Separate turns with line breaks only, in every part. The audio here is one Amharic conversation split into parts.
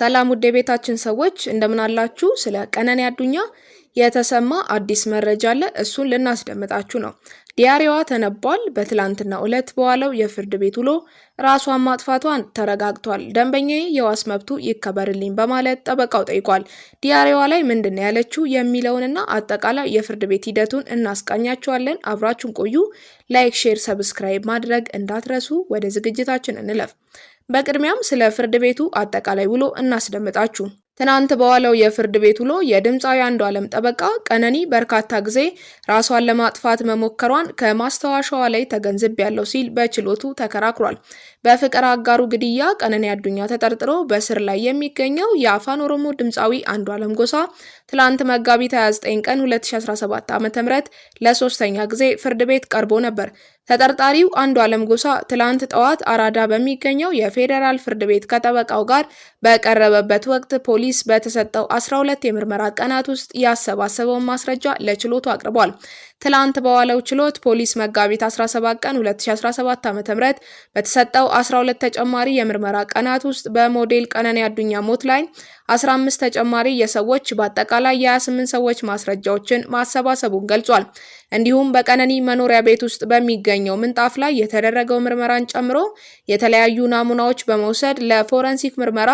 ሰላም ውድ የቤታችን ሰዎች እንደምን አላችሁ? ስለ ቀነኔ አዱኛ የተሰማ አዲስ መረጃ አለ። እሱን ልናስደምጣችሁ ነው። ዲያሪዋ ተነቧል። በትላንትና ዕለት በዋለው የፍርድ ቤት ውሎ ራሷን ማጥፋቷን ተረጋግቷል። ደንበኛዬ የዋስ መብቱ ይከበርልኝ በማለት ጠበቃው ጠይቋል። ዲያሪዋ ላይ ምንድን ነው ያለችው የሚለውንና አጠቃላይ የፍርድ ቤት ሂደቱን እናስቃኛቸዋለን። አብራችሁን ቆዩ። ላይክ፣ ሼር፣ ሰብስክራይብ ማድረግ እንዳትረሱ። ወደ ዝግጅታችን እንለፍ። በቅድሚያም ስለ ፍርድ ቤቱ አጠቃላይ ውሎ እናስደምጣችሁ። ትናንት በዋለው የፍርድ ቤት ውሎ የድምፃዊ ዓለም ጠበቃ ቀነኒ በርካታ ጊዜ ራሷን ለማጥፋት መሞከሯን ከማስታወሻዋ ላይ ተገንዝብ ያለው ሲል በችሎቱ ተከራክሯል። በፍቅር አጋሩ ግድያ ቀነኒ አዱኛ ተጠርጥሮ በስር ላይ የሚገኘው የአፋን ኦሮሞ ድምፃዊ አንዱ ዓለም ጎሳ ትላንት መጋቢት 29 ቀን 2017 ዓ.ም ለሶስተኛ ጊዜ ፍርድ ቤት ቀርቦ ነበር። ተጠርጣሪው አንዱ ዓለም ጎሳ ትላንት ጠዋት አራዳ በሚገኘው የፌዴራል ፍርድ ቤት ከጠበቃው ጋር በቀረበበት ወቅት ፖሊስ በተሰጠው 12 የምርመራ ቀናት ውስጥ ያሰባሰበውን ማስረጃ ለችሎቱ አቅርቧል። ትላንት በዋለው ችሎት ፖሊስ መጋቢት 17 ቀን 2017 ዓ.ም በተሰጠው 12 ተጨማሪ የምርመራ ቀናት ውስጥ በሞዴል ቀነኒ አዱኛ ሞት ላይ 15 ተጨማሪ የሰዎች በአጠቃላይ የ28 ሰዎች ማስረጃዎችን ማሰባሰቡን ገልጿል። እንዲሁም በቀነኒ መኖሪያ ቤት ውስጥ በሚገኘው ምንጣፍ ላይ የተደረገው ምርመራን ጨምሮ የተለያዩ ናሙናዎች በመውሰድ ለፎረንሲክ ምርመራ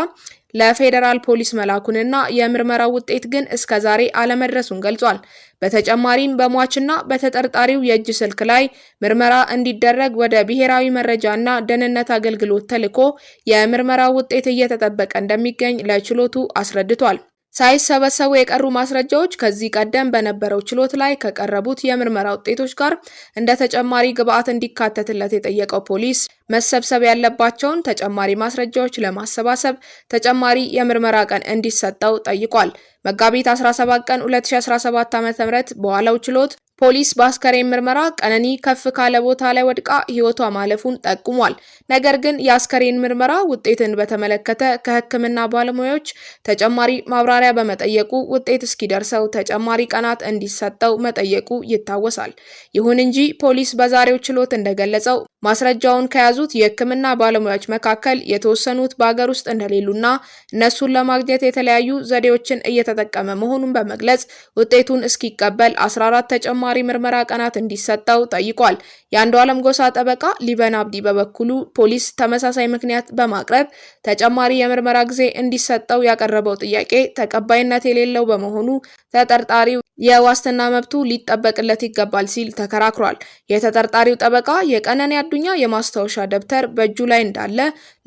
ለፌዴራል ፖሊስ መላኩንና የምርመራው ውጤት ግን እስከ ዛሬ አለመድረሱን ገልጿል። በተጨማሪም በሟችና በተጠርጣሪው የእጅ ስልክ ላይ ምርመራ እንዲደረግ ወደ ብሔራዊ መረጃና ደህንነት አገልግሎት ተልኮ የምርመራ ውጤት እየተጠበቀ እንደሚገኝ ለችሎቱ አስረድቷል። ሳይሰበሰቡ የቀሩ ማስረጃዎች ከዚህ ቀደም በነበረው ችሎት ላይ ከቀረቡት የምርመራ ውጤቶች ጋር እንደ ተጨማሪ ግብአት እንዲካተትለት የጠየቀው ፖሊስ መሰብሰብ ያለባቸውን ተጨማሪ ማስረጃዎች ለማሰባሰብ ተጨማሪ የምርመራ ቀን እንዲሰጠው ጠይቋል። መጋቢት 17 ቀን 2017 ዓ.ም በኋላው ችሎት ፖሊስ በአስከሬን ምርመራ ቀነኒ ከፍ ካለ ቦታ ላይ ወድቃ ህይወቷ ማለፉን ጠቁሟል። ነገር ግን የአስከሬን ምርመራ ውጤትን በተመለከተ ከህክምና ባለሙያዎች ተጨማሪ ማብራሪያ በመጠየቁ ውጤት እስኪደርሰው ተጨማሪ ቀናት እንዲሰጠው መጠየቁ ይታወሳል። ይሁን እንጂ ፖሊስ በዛሬው ችሎት እንደገለጸው ማስረጃውን ከያዙት የሕክምና ባለሙያዎች መካከል የተወሰኑት በሀገር ውስጥ እንደሌሉና እነሱን ለማግኘት የተለያዩ ዘዴዎችን እየተጠቀመ መሆኑን በመግለጽ ውጤቱን እስኪቀበል 14 ተጨማሪ ምርመራ ቀናት እንዲሰጠው ጠይቋል። የአንዱ ዓለም ጎሳ ጠበቃ ሊበን አብዲ በበኩሉ ፖሊስ ተመሳሳይ ምክንያት በማቅረብ ተጨማሪ የምርመራ ጊዜ እንዲሰጠው ያቀረበው ጥያቄ ተቀባይነት የሌለው በመሆኑ ተጠርጣሪው የዋስትና መብቱ ሊጠበቅለት ይገባል ሲል ተከራክሯል። የተጠርጣሪው ጠበቃ የቀነን አዱኛ የማስታወሻ ደብተር በእጁ ላይ እንዳለ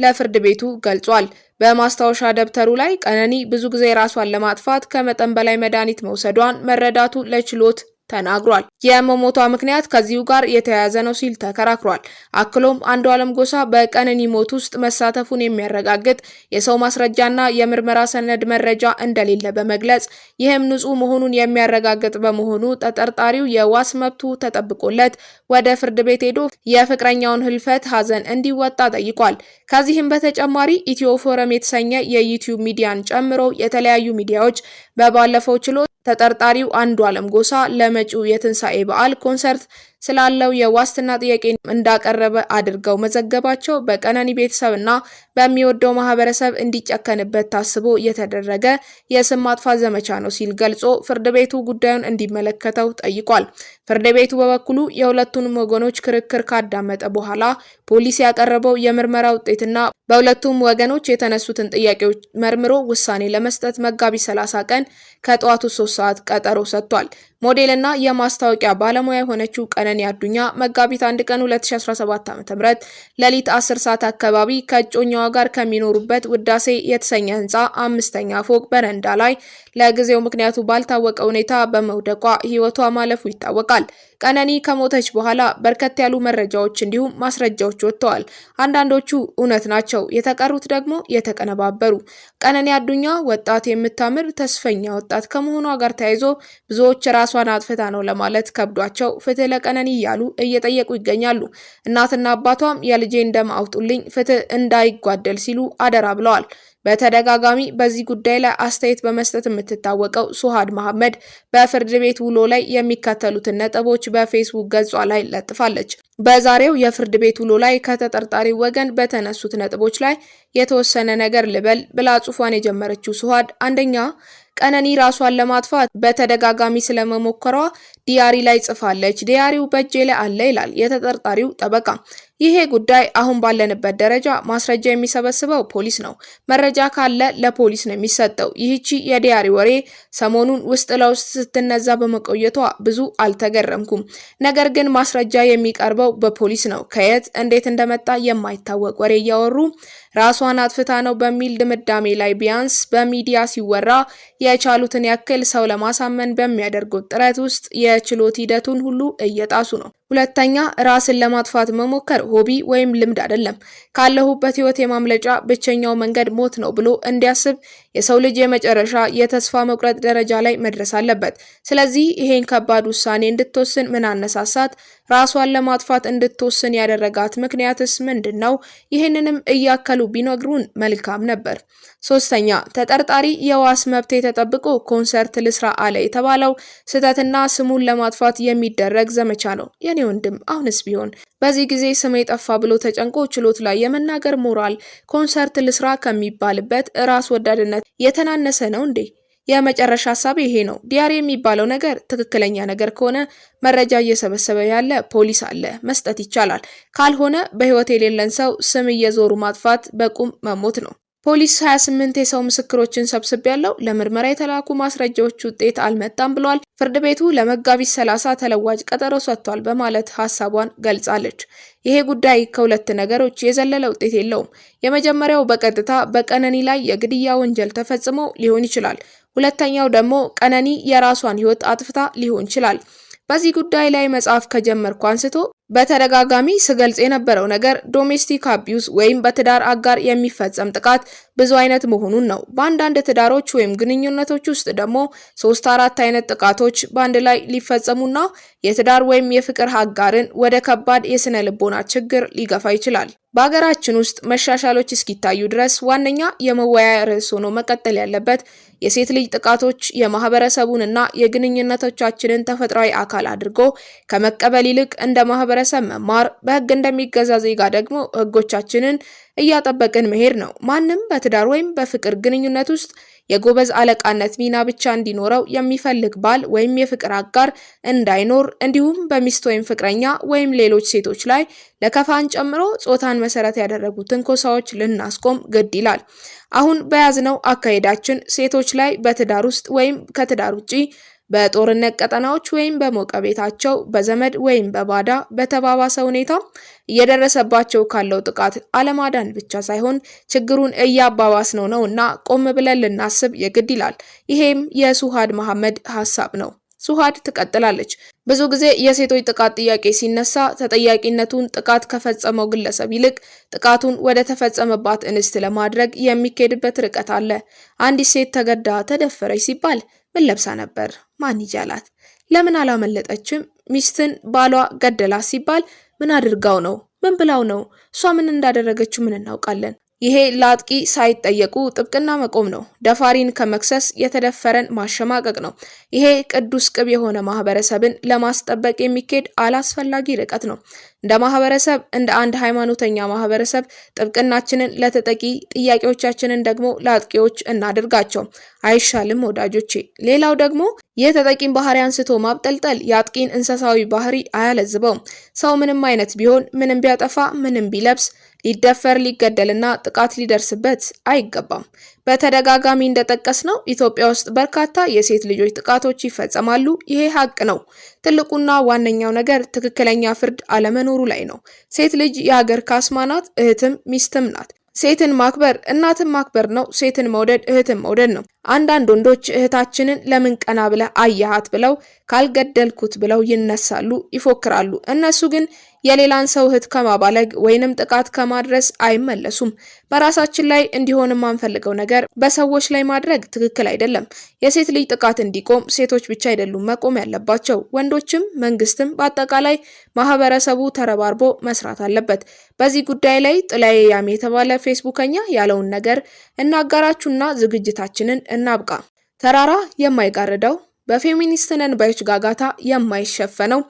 ለፍርድ ቤቱ ገልጿል። በማስታወሻ ደብተሩ ላይ ቀነኒ ብዙ ጊዜ ራሷን ለማጥፋት ከመጠን በላይ መድኃኒት መውሰዷን መረዳቱ ለችሎት ተናግሯል። የመሞቷ ምክንያት ከዚሁ ጋር የተያያዘ ነው ሲል ተከራክሯል። አክሎም አንዱ አለም ጎሳ በቀነኒ ሞት ውስጥ መሳተፉን የሚያረጋግጥ የሰው ማስረጃና የምርመራ ሰነድ መረጃ እንደሌለ በመግለጽ ይህም ንጹህ መሆኑን የሚያረጋግጥ በመሆኑ ተጠርጣሪው የዋስ መብቱ ተጠብቆለት ወደ ፍርድ ቤት ሄዶ የፍቅረኛውን ህልፈት ሀዘን እንዲወጣ ጠይቋል። ከዚህም በተጨማሪ ኢትዮ ፎረም የተሰኘ የዩቲዩብ ሚዲያን ጨምሮ የተለያዩ ሚዲያዎች በባለፈው ችሎት ተጠርጣሪው አንዱ አለም ጎሳ ለመጪው የትንሣኤ በዓል ኮንሰርት ስላለው የዋስትና ጥያቄ እንዳቀረበ አድርገው መዘገባቸው በቀነኒ ቤተሰብና በሚወደው ማህበረሰብ እንዲጨከንበት ታስቦ የተደረገ የስም ማጥፋት ዘመቻ ነው ሲል ገልጾ ፍርድ ቤቱ ጉዳዩን እንዲመለከተው ጠይቋል። ፍርድ ቤቱ በበኩሉ የሁለቱንም ወገኖች ክርክር ካዳመጠ በኋላ ፖሊስ ያቀረበው የምርመራ ውጤትና በሁለቱም ወገኖች የተነሱትን ጥያቄዎች መርምሮ ውሳኔ ለመስጠት መጋቢት 30 ቀን ከጠዋቱ 3 ሰዓት ቀጠሮ ሰጥቷል። ሞዴልና የማስታወቂያ ባለሙያ የሆነችው ቀነኒ አዱኛ መጋቢት አንድ ቀን 2017 ዓ.ም ሌሊት 10 ሰዓት አካባቢ ከእጮኛዋ ጋር ከሚኖሩበት ውዳሴ የተሰኘ ህንፃ አምስተኛ ፎቅ በረንዳ ላይ ለጊዜው ምክንያቱ ባልታወቀ ሁኔታ በመውደቋ ህይወቷ ማለፉ ይታወቃል። ቀነኒ ከሞተች በኋላ በርከት ያሉ መረጃዎች እንዲሁም ማስረጃዎች ወጥተዋል። አንዳንዶቹ እውነት ናቸው፣ የተቀሩት ደግሞ የተቀነባበሩ። ቀነኒ አዱኛ ወጣት የምታምር ተስፈኛ ወጣት ከመሆኗ ጋር ተያይዞ ብዙዎች ራሷን አጥፍታ ነው ለማለት ከብዷቸው ፍትህ ለቀነኒ እያሉ እየጠየቁ ይገኛሉ። እናትና አባቷም የልጄን ደም አውጡልኝ፣ ፍትህ እንዳይጓደል ሲሉ አደራ ብለዋል። በተደጋጋሚ በዚህ ጉዳይ ላይ አስተያየት በመስጠት የምትታወቀው ሱሃድ መሐመድ በፍርድ ቤት ውሎ ላይ የሚከተሉትን ነጥቦች በፌስቡክ ገጿ ላይ ለጥፋለች። በዛሬው የፍርድ ቤት ውሎ ላይ ከተጠርጣሪ ወገን በተነሱት ነጥቦች ላይ የተወሰነ ነገር ልበል ብላ ጽፏን የጀመረችው ሱሃድ አንደኛ ቀነኒ ራሷን ለማጥፋት በተደጋጋሚ ስለመሞከሯ ዲያሪ ላይ ጽፋለች። ዲያሪው በእጄ ላይ አለ ይላል የተጠርጣሪው ጠበቃ። ይሄ ጉዳይ አሁን ባለንበት ደረጃ ማስረጃ የሚሰበስበው ፖሊስ ነው። መረጃ ካለ ለፖሊስ ነው የሚሰጠው። ይህቺ የዲያሪ ወሬ ሰሞኑን ውስጥ ለውስጥ ስትነዛ በመቆየቷ ብዙ አልተገረምኩም። ነገር ግን ማስረጃ የሚቀርበው በፖሊስ ነው። ከየት እንዴት እንደመጣ የማይታወቅ ወሬ እያወሩ ራሷን አጥፍታ ነው በሚል ድምዳሜ ላይ ቢያንስ በሚዲያ ሲወራ የቻሉትን ያክል ሰው ለማሳመን በሚያደርጉት ጥረት ውስጥ የችሎት ሂደቱን ሁሉ እየጣሱ ነው። ሁለተኛ ራስን ለማጥፋት መሞከር ሆቢ ወይም ልምድ አይደለም። ካለሁበት ህይወት የማምለጫ ብቸኛው መንገድ ሞት ነው ብሎ እንዲያስብ የሰው ልጅ የመጨረሻ የተስፋ መቁረጥ ደረጃ ላይ መድረስ አለበት። ስለዚህ ይሄን ከባድ ውሳኔ እንድትወስን ምን አነሳሳት? ራሷን ለማጥፋት እንድትወስን ያደረጋት ምክንያትስ ምንድን ነው? ይህንንም እያከሉ ቢነግሩን መልካም ነበር። ሶስተኛ ተጠርጣሪ የዋስ መብት ተጠብቆ ኮንሰርት ልስራ አለ የተባለው ስህተትና ስሙን ለማጥፋት የሚደረግ ዘመቻ ነው። የኔ ወንድም አሁንስ ቢሆን በዚህ ጊዜ ስሜ ጠፋ ብሎ ተጨንቆ ችሎት ላይ የመናገር ሞራል ኮንሰርት ልስራ ከሚባልበት ራስ ወዳድነት ማለት የተናነሰ ነው እንዴ? የመጨረሻ ሀሳብ ይሄ ነው። ዲያሪ የሚባለው ነገር ትክክለኛ ነገር ከሆነ መረጃ እየሰበሰበ ያለ ፖሊስ አለ፣ መስጠት ይቻላል። ካልሆነ በህይወት የሌለን ሰው ስም እየዞሩ ማጥፋት በቁም መሞት ነው። ፖሊስ 28 የሰው ምስክሮችን ሰብስብ ያለው ለምርመራ የተላኩ ማስረጃዎች ውጤት አልመጣም ብለዋል። ፍርድ ቤቱ ለመጋቢት 30 ተለዋጭ ቀጠሮ ሰጥቷል በማለት ሀሳቧን ገልጻለች። ይሄ ጉዳይ ከሁለት ነገሮች የዘለለ ውጤት የለውም። የመጀመሪያው በቀጥታ በቀነኒ ላይ የግድያ ወንጀል ተፈጽሞ ሊሆን ይችላል። ሁለተኛው ደግሞ ቀነኒ የራሷን ሕይወት አጥፍታ ሊሆን ይችላል። በዚህ ጉዳይ ላይ መጽሐፍ ከጀመርኩ አንስቶ በተደጋጋሚ ስገልጽ የነበረው ነገር ዶሜስቲክ አቢዩስ ወይም በትዳር አጋር የሚፈጸም ጥቃት ብዙ አይነት መሆኑን ነው። በአንዳንድ ትዳሮች ወይም ግንኙነቶች ውስጥ ደግሞ ሶስት አራት አይነት ጥቃቶች በአንድ ላይ ሊፈጸሙና የትዳር ወይም የፍቅር አጋርን ወደ ከባድ የስነ ልቦና ችግር ሊገፋ ይችላል። በሀገራችን ውስጥ መሻሻሎች እስኪታዩ ድረስ ዋነኛ የመወያያ ርዕስ ሆኖ መቀጠል ያለበት የሴት ልጅ ጥቃቶች የማህበረሰቡንና የግንኙነቶቻችንን ተፈጥሯዊ አካል አድርጎ ከመቀበል ይልቅ እንደ ማህበረ ማህበረሰብ መማር፣ በህግ እንደሚገዛ ዜጋ ደግሞ ህጎቻችንን እያጠበቅን መሄድ ነው። ማንም በትዳር ወይም በፍቅር ግንኙነት ውስጥ የጎበዝ አለቃነት ሚና ብቻ እንዲኖረው የሚፈልግ ባል ወይም የፍቅር አጋር እንዳይኖር እንዲሁም በሚስት ወይም ፍቅረኛ ወይም ሌሎች ሴቶች ላይ ለከፋን ጨምሮ ጾታን መሰረት ያደረጉ ትንኮሳዎች ልናስቆም ግድ ይላል። አሁን በያዝነው አካሄዳችን ሴቶች ላይ በትዳር ውስጥ ወይም ከትዳር ውጪ በጦርነት ቀጠናዎች ወይም በሞቀ ቤታቸው በዘመድ ወይም በባዳ በተባባሰ ሁኔታ እየደረሰባቸው ካለው ጥቃት አለማዳን ብቻ ሳይሆን ችግሩን እያባባስ ነው ነው እና ቆም ብለን ልናስብ የግድ ይላል። ይሄም የሱሃድ መሐመድ ሀሳብ ነው። ሱሃድ ትቀጥላለች። ብዙ ጊዜ የሴቶች ጥቃት ጥያቄ ሲነሳ ተጠያቂነቱን ጥቃት ከፈጸመው ግለሰብ ይልቅ ጥቃቱን ወደ ተፈጸመባት እንስት ለማድረግ የሚካሄድበት ርቀት አለ። አንዲት ሴት ተገዳ ተደፈረች ሲባል ምን ለብሳ ነበር? ማን ይጃላት? ለምን አላመለጠችም? ሚስትን ባሏ ገደላ ሲባል ምን አድርጋው ነው? ምን ብላው ነው? እሷ ምን እንዳደረገችው ምን እናውቃለን? ይሄ ለአጥቂ ሳይጠየቁ ጥብቅና መቆም ነው። ደፋሪን ከመክሰስ የተደፈረን ማሸማቀቅ ነው። ይሄ ቅዱስ ቅብ የሆነ ማህበረሰብን ለማስጠበቅ የሚካሄድ አላስፈላጊ ርቀት ነው። እንደ ማህበረሰብ እንደ አንድ ሃይማኖተኛ ማህበረሰብ ጥብቅናችንን ለተጠቂ ጥያቄዎቻችንን ደግሞ ለአጥቂዎች እናድርጋቸው። አይሻልም ወዳጆቼ። ሌላው ደግሞ ተጠቂን ባህሪ አንስቶ ማብጠልጠል የአጥቂን እንስሳዊ ባህሪ አያለዝበውም። ሰው ምንም አይነት ቢሆን፣ ምንም ቢያጠፋ፣ ምንም ቢለብስ ሊደፈር ሊገደልና ጥቃት ሊደርስበት አይገባም። በተደጋጋሚ እንደጠቀስ ነው ኢትዮጵያ ውስጥ በርካታ የሴት ልጆች ጥቃቶች ይፈጸማሉ። ይሄ ሀቅ ነው። ትልቁና ዋነኛው ነገር ትክክለኛ ፍርድ አለመኖሩ ላይ ነው። ሴት ልጅ የሀገር ካስማ ናት፣ እህትም ሚስትም ናት። ሴትን ማክበር እናትን ማክበር ነው። ሴትን መውደድ እህትን መውደድ ነው። አንዳንድ ወንዶች እህታችንን ለምን ቀና ብለህ አየሃት ብለው ካልገደልኩት ብለው ይነሳሉ፣ ይፎክራሉ። እነሱ ግን የሌላን ሰው እህት ከማባለግ ወይንም ጥቃት ከማድረስ አይመለሱም። በራሳችን ላይ እንዲሆን የማንፈልገው ነገር በሰዎች ላይ ማድረግ ትክክል አይደለም። የሴት ልጅ ጥቃት እንዲቆም ሴቶች ብቻ አይደሉም መቆም ያለባቸው፣ ወንዶችም፣ መንግስትም፣ በአጠቃላይ ማህበረሰቡ ተረባርቦ መስራት አለበት። በዚህ ጉዳይ ላይ ጥላዬ ያም የተባለ ፌስቡከኛ ያለውን ነገር እናጋራችሁና ዝግጅታችንን እናብቃ። ተራራ የማይጋርደው በፌሚኒስት ነን ባዮች ጋጋታ የማይሸፈነው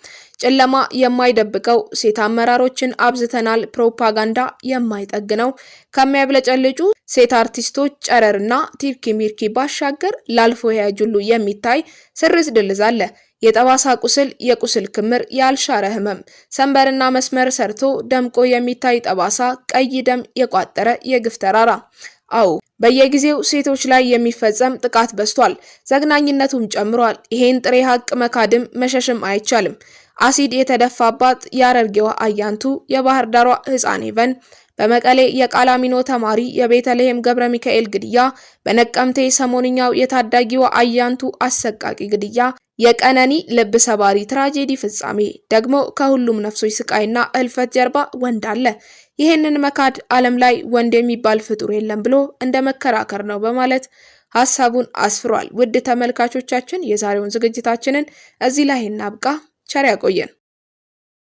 ጨለማ የማይደብቀው ሴት አመራሮችን አብዝተናል ፕሮፓጋንዳ የማይጠግነው ከሚያብለጨልጩ ሴት አርቲስቶች ጨረርና ቲርኪ ሚርኪ ባሻገር ላልፎ ያጅሉ የሚታይ ስርስ ድልዝ አለ። የጠባሳ ቁስል፣ የቁስል ክምር፣ ያልሻረ ህመም፣ ሰንበርና መስመር ሰርቶ ደምቆ የሚታይ ጠባሳ፣ ቀይ ደም የቋጠረ የግፍ ተራራ። አዎ በየጊዜው ሴቶች ላይ የሚፈጸም ጥቃት በዝቷል፣ ዘግናኝነቱም ጨምሯል። ይሄን ጥሬ ሀቅ መካድም መሸሽም አይቻልም። አሲድ የተደፋባት የአረርጌዋ አያንቱ፣ የባህር ዳሯ ህፃን ሄቨን፣ በመቀሌ የቃላሚኖ ተማሪ የቤተልሔም ገብረ ሚካኤል ግድያ፣ በነቀምቴ ሰሞንኛው የታዳጊዋ አያንቱ አሰቃቂ ግድያ የቀነኒ ልብ ሰባሪ ትራጄዲ ፍጻሜ ደግሞ ከሁሉም ነፍሶች ስቃይና እልፈት ጀርባ ወንድ አለ። ይህንን መካድ ዓለም ላይ ወንድ የሚባል ፍጡር የለም ብሎ እንደ መከራከር ነው በማለት ሀሳቡን አስፍሯል። ውድ ተመልካቾቻችን የዛሬውን ዝግጅታችንን እዚህ ላይ እናብቃ። ቸር ያቆየን።